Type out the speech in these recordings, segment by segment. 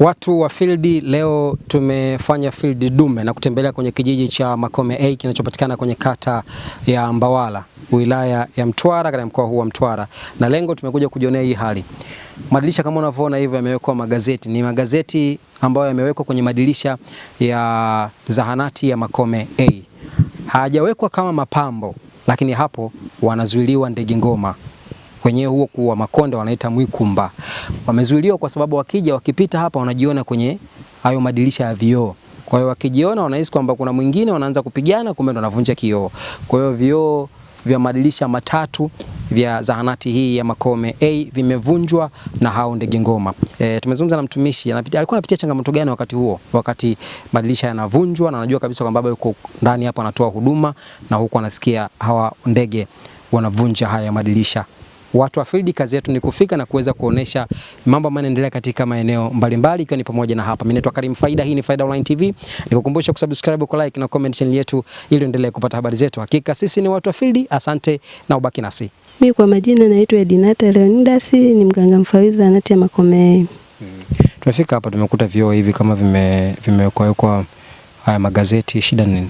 Watu wa field leo tumefanya field dume na kutembelea kwenye kijiji cha Makome A kinachopatikana kwenye kata ya Mbawala wilaya ya Mtwara katika mkoa huu wa Mtwara, na lengo tumekuja kujionea hii hali. Madirisha kama unavyoona hivyo yamewekwa magazeti, ni magazeti ambayo yamewekwa kwenye madirisha ya zahanati ya Makome A, hayajawekwa kama mapambo, lakini hapo wanazuiliwa ndege ngoma wenyewe huo kuwa makonde wanaita mwikumba. Wamezuiliwa kwa sababu wakija wakipita hapa wanajiona kwenye hayo madirisha ya vioo. Kwa hiyo wakijiona wanahisi kwamba kuna mwingine, wanaanza kupigana, kumbe ndo wanavunja kioo. Kwa hiyo vioo vya madirisha matatu vya zahanati hii ya Makome A vimevunjwa na hao ndege ngoma. E, tumezungumza na mtumishi anapita, alikuwa anapitia changamoto gani wakati huo, wakati madirisha yanavunjwa na anajua kabisa kwamba baba yuko ndani hapa anatoa huduma na huko anasikia hawa ndege wanavunja haya madirisha watu wa field, kazi yetu ni kufika na kuweza kuonesha mambo ambayo yanaendelea katika maeneo mbalimbali, ikiwa ni pamoja na hapa. Mimi naitwa Karim Faida, hii ni Faida Online TV. Nikukumbusha kusubscribe, ku like na comment channel yetu, ili uendelee kupata habari zetu. Hakika sisi ni watu wa field. Asante na ubaki nasi. Mimi kwa majina naitwa Edinata Leonidas, ni mganga mfawidhi zahanati ya Makomei. Hmm. Tumefika hapa tumekuta vioo hivi kama vimewekwa kwa haya magazeti, shida nini?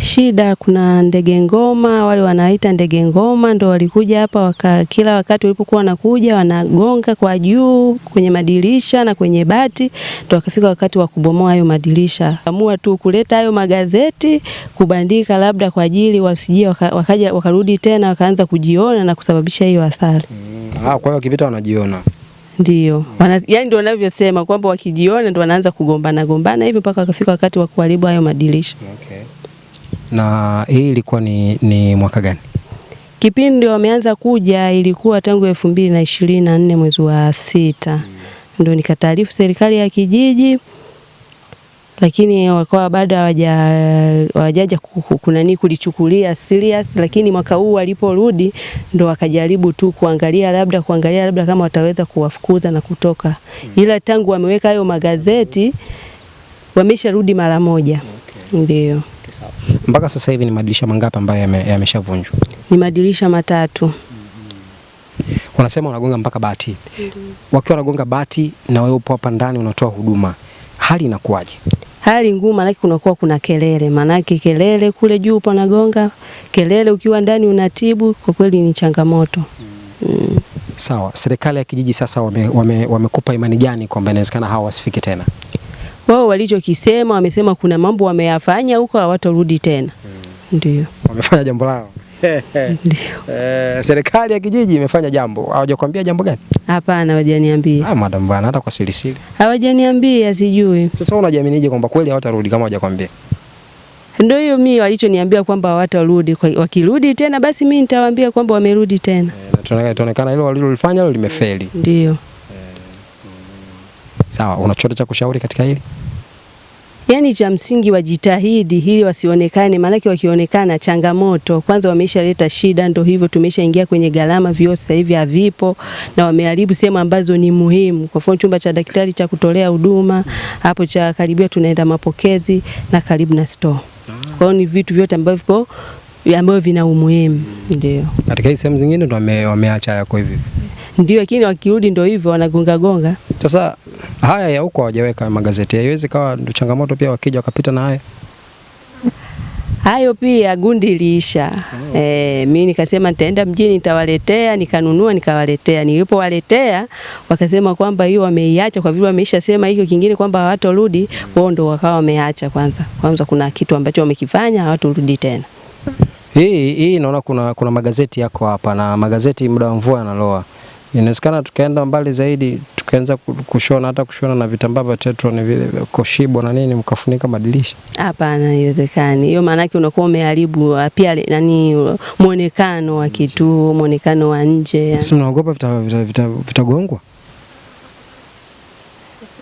shida. Kuna ndege ngoma, wale wanaita ndege ngoma, ndo walikuja hapa waka, kila wakati walipokuwa wanakuja wanagonga kwa juu kwenye madirisha na kwenye bati, ndo wakafika wakati wa kubomoa hayo madirisha. Amua tu kuleta hayo magazeti kubandika, labda kwa ajili wasijie waka, wakaja wakarudi tena wakaanza kujiona na kusababisha hiyo athari. Mm. Ah, kwa hiyo kipita wanajiona ndio wana, yani ndio wanavyosema kwamba wakijiona ndio wanaanza kugombana gombana hivyo mpaka wakafika wakati wa kuharibu hayo madirisha. Okay. Na hii ilikuwa ni, ni mwaka gani? Kipindi wameanza kuja ilikuwa tangu elfu mbili na ishirini na nne mwezi wa sita ndio nikataarifu serikali ya kijiji, lakini wakawa bado hawajaja kunani kulichukulia serious, lakini mwaka huu waliporudi ndo wakajaribu tu kuangalia labda kuangalia labda kama wataweza kuwafukuza na kutoka, hmm. ila tangu wameweka hayo magazeti wamesharudi mara moja, ndio. Mpaka sasa hivi ni madirisha mangapi ambayo yameshavunjwa? Yame ni madirisha matatu. Wanasema wanagonga mpaka bati. Ndiyo. Wakiwa wanagonga bati na wewe upo hapa ndani unatoa huduma, hali inakuwaje? Hali ngumu, maanake kunakuwa kuna kelele, maanake kelele kule juu upo nagonga kelele, ukiwa ndani unatibu. Kwa kweli ni changamoto mm. Sawa, serikali ya kijiji sasa wamekupa wame, wame imani gani kwamba inawezekana hawa wasifike tena? wao walichokisema, wamesema kuna mambo wameyafanya huko hawatarudi tena. Hmm. Ndio wamefanya jambo lao. Eh, serikali ya kijiji imefanya jambo. Hawajakwambia jambo gani? Hapana, hawajaniambia. Ah, madam bwana, hata kwa siri siri. Hawajaniambia, sijui. Sasa unajiaminije kwamba kweli hawatarudi kama hawajakwambia? Ndio hiyo mimi walichoniambia kwamba hawatarudi. Kwa, Wakirudi tena basi mimi nitawaambia kwamba wamerudi tena. Eh, tunaonekana hilo walilofanya hilo limefeli. Ndio. Eh, mm. Sawa, una chochote cha kushauri katika hili? yani cha msingi wajitahidi ili wasionekane, maanake wakionekana changamoto. Kwanza wameshaleta shida, ndo hivyo tumeshaingia kwenye gharama, vio sasa hivi havipo na wameharibu sehemu ambazo ni muhimu. Kwa mfano chumba cha daktari cha kutolea huduma hapo cha karibia, tunaenda mapokezi na karibu na store. Kwa hiyo ni vitu vyote ambavyo ambavyo vina umuhimu, ndio katika sehemu zingine ndo wameacha yako hivi, ndio lakini wakirudi ndo hivyo wanagonga gonga sasa haya ya huko hawajaweka magazeti, haiwezi kawa ndio changamoto pia, wakija wakapita na haya hayo pia gundi iliisha. Oh. E, nikasema nitaenda mjini nitawaletea, nikanunua nikawaletea. Nilipowaletea wakasema kwamba hiyo wameiacha kwa vile wameisha sema hiyo kingine kwamba hawatorudi kwao, ndo wakawa wameacha kwanza. Kwanza kuna kitu ambacho wamekifanya, hawatorudi tena. Hii hii naona kuna, kuna magazeti yako hapa na magazeti muda wa mvua yanaloa, inawezekana tukaenda mbali zaidi tukaanza kushona, hata kushona na vitambaa vya tetron vile koshibo na nini, mkafunika madirisha? Hapana, haiwezekani hiyo, maanake unakuwa umeharibu pia nani mwonekano wa kituo, mwonekano wa nje. Sasa mnaogopa vitagongwa?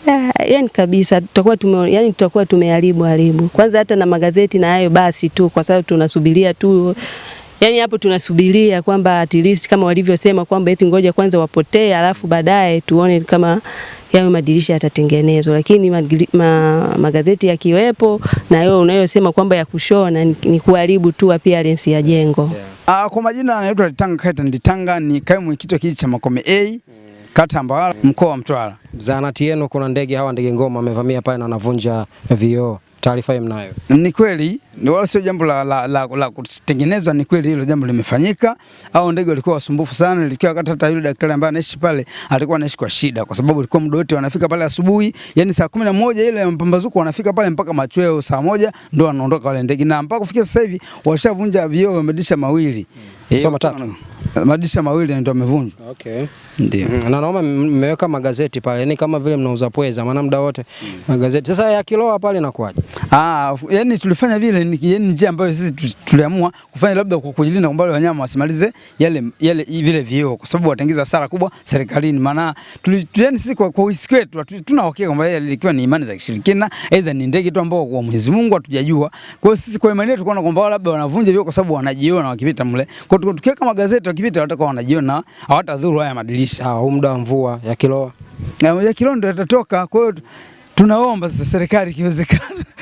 Ah, yani kabisa tutakuwa tume, yani tutakuwa tumeharibu haribu kwanza hata na magazeti na hayo basi tu, kwa sababu tunasubiria tu Yaani hapo tunasubiria kwamba at least kama walivyosema kwamba eti ngoja kwanza wapotee, alafu baadaye tuone kama yayo madirisha yatatengenezwa, lakini magri, ma, magazeti yakiwepo na yo unayosema kwamba ya kushona ni, ni kuharibu tu appearance ya jengo yeah. Ah, kwa majina anaitwa Litanga Kaita Nditanga, ni kaimu mwenyekiti wa kijiji cha Makome A kata Mbawala, mkoa wa Mtwara. Zahanati yenu kuna ndege hawa ndege ngoma wamevamia pale na wanavunja vioo taarifa hiyo mnayo? Ni kweli, ni wala sio jambo la, la, la, la kutengenezwa. Ni kweli hilo jambo limefanyika, au ndege walikuwa wasumbufu sana. Ilikuwa wakati hata yule daktari ambaye anaishi pale alikuwa anaishi kwa shida, kwa sababu ilikuwa muda wote wanafika pale asubuhi, yani saa kumi na moja ile ya mpambazuko wanafika pale mpaka machweo saa moja ndo wanaondoka wale ndege, na mpaka kufikia sasa hivi washavunja vioo vya wamebadilisha mawili hmm. so, eh, matatu madirisha mawili ndio yamevunjwa. Okay. Ndio. Mm, na naomba mmeweka magazeti pale, ni yaani kama vile mnauza pweza, maana muda wote mm. magazeti. Sasa ya kiloa pale inakuwaje? Ah, yani tulifanya vile ni yani njia ambayo sisi tuliamua kufanya labda kwa kujilinda kwamba wanyama wasimalize yale yale vile vioo kwa sababu wataingiza hasara kubwa serikalini. Maana tuliani sisi kwa kuhisi kwetu tunahakika kwamba yale ilikuwa ni imani za kishirikina, aidha ni ndege tu ambao kwa Mwenyezi Mungu hatujajua. Kwa hiyo sisi kwa imani yetu tukaona kwamba labda wanavunja vioo kwa sababu wanajiona wakipita mle. Kwa hiyo tukiweka magazeti wakipita watakuwa wanajiona hawatadhuru haya madirisha. Ah, muda wa mvua ya kiloa. Ya kiloa ndio yatatoka. Kwa hiyo tunaomba sasa serikali ikiwezekana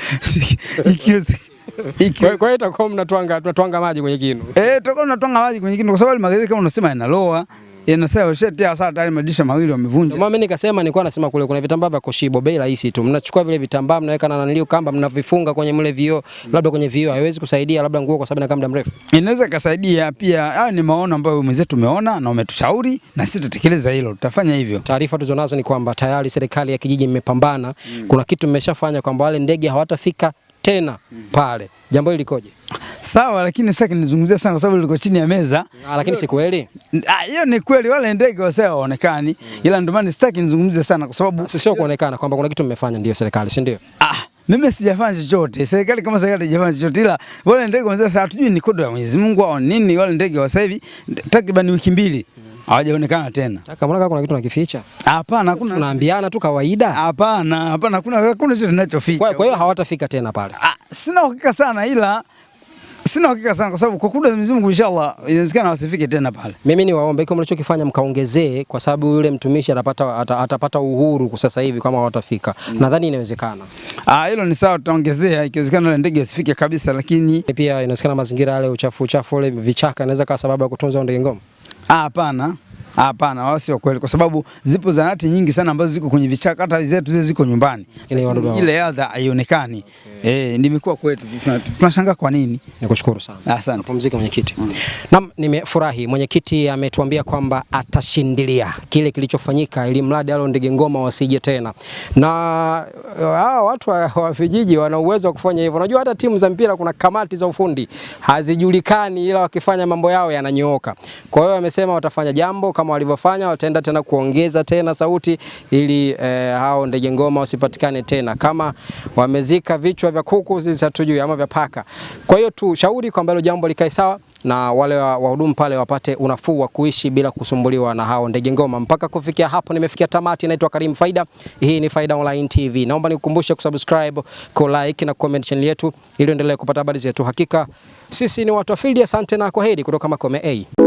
Kwa hiyo itakuwa mnatwanga maji kwenye kinu, eh, tutakuwa tunatwanga maji kwenye kinu, kwa sababu magazeti kama unasema yanaloa Yanasema ushatia hasa tayari madirisha mawili wamevunja. Mama, mimi nikasema nilikuwa nasema kule kuna vitambaa vya Koshibo bei rahisi tu. Mnachukua vile vitambaa mnaweka na nanilio kamba mnavifunga kwenye mle vioo. Labda kwenye vioo haiwezi kusaidia labda nguo kwa sababu na muda mrefu. Inaweza kusaidia pia. Haya ni maono ambayo mwenzetu tumeona na umetushauri na sisi tutatekeleza hilo. Tutafanya hivyo. Taarifa tulizonazo ni kwamba tayari serikali ya kijiji imepambana. Mm. Kuna kitu mmeshafanya kwamba wale ndege hawatafika tena mm. pale. Jambo hili likoje? Sawa, lakini sasa kinizungumzia sana kwa sababu liko chini ya meza. Ah, lakini si kweli. Ah, hiyo ni kweli, wale ndege wasio Mm. ila ndio maana sitaki nizungumzie sana kwa sababu sio kuonekana kwamba kuna kitu mmefanya, ndio serikali, si ndio? Ah, mimi sijafanya chochote. Serikali kama serikali haijafanya chochote, ila wale ndege wenzao sasa hatujui ni kodo ya Mwenyezi Mungu au nini. Wale ndege wa sasa hivi takriban wiki mbili hawajaonekana tena. Kaka, mbona kuna kitu nakificha? Hapana, hakuna. Tunaambiana tu kawaida. Hapana, hapana, hakuna hakuna kitu ninachoficha. Kwa hiyo hawatafika tena pale. Ah, sina uhakika sana ila sina hakika sana kwa sababu kwa kuda Mwenyezi Mungu inshallah inawezekana wasifike tena pale. Mimi niwaombe hiko mlichokifanya mkaongezee, kwa sababu yule mtumishi atapata, atapata uhuru kwa sasa hivi kama watafika mm. Nadhani inawezekana. Ah, hilo ni sawa, tutaongezea ikiwezekana ile ndege isifike kabisa, lakini pia inawezekana mazingira yale uchafu uchafu ule vichaka inaweza kuwa sababu ya kutunza ndege ngoma. Ah, hapana Hapana, wala sio kweli, kwa sababu zipo zanati nyingi sana ambazo ziko kwenye vichaka, hata zetu zile ziko nyumbani, ile adha haionekani. Okay. Eh, nimekuwa kwetu, tunashangaa kwa nini. Nikushukuru sana, asante. Pumzika mwenyekiti. Mm. Naam, nimefurahi mwenyekiti ametuambia kwamba atashindilia kile kilichofanyika, ili mradi alo ndege ngoma wasije tena, na eh, hawa watu wa vijiji wana uwezo wa kufanya hivyo. Unajua hata timu za mpira kuna kamati za ufundi hazijulikani, ila wakifanya mambo yao yananyooka. Kwa hiyo amesema watafanya jambo kama kama walivyofanya, wataenda tena kuongeza tena sauti ili e, hao ndege ngoma wasipatikane tena. Kama wamezika vichwa vya kuku, sisi hatujui ama vya paka. Kwa hiyo tushauri kwamba hilo jambo likae sawa na wale wahudumu wa pale wapate unafuu wa kuishi bila kusumbuliwa na hao ndege ngoma. Mpaka kufikia hapo nimefikia tamati. Naitwa Karim Faida, hii ni Faida Online TV. Naomba nikukumbushe kusubscribe, ku like na comment channel yetu ili uendelee kupata habari zetu. Hakika sisi ni watu wa field. Asante na kwaheri kutoka Makome A.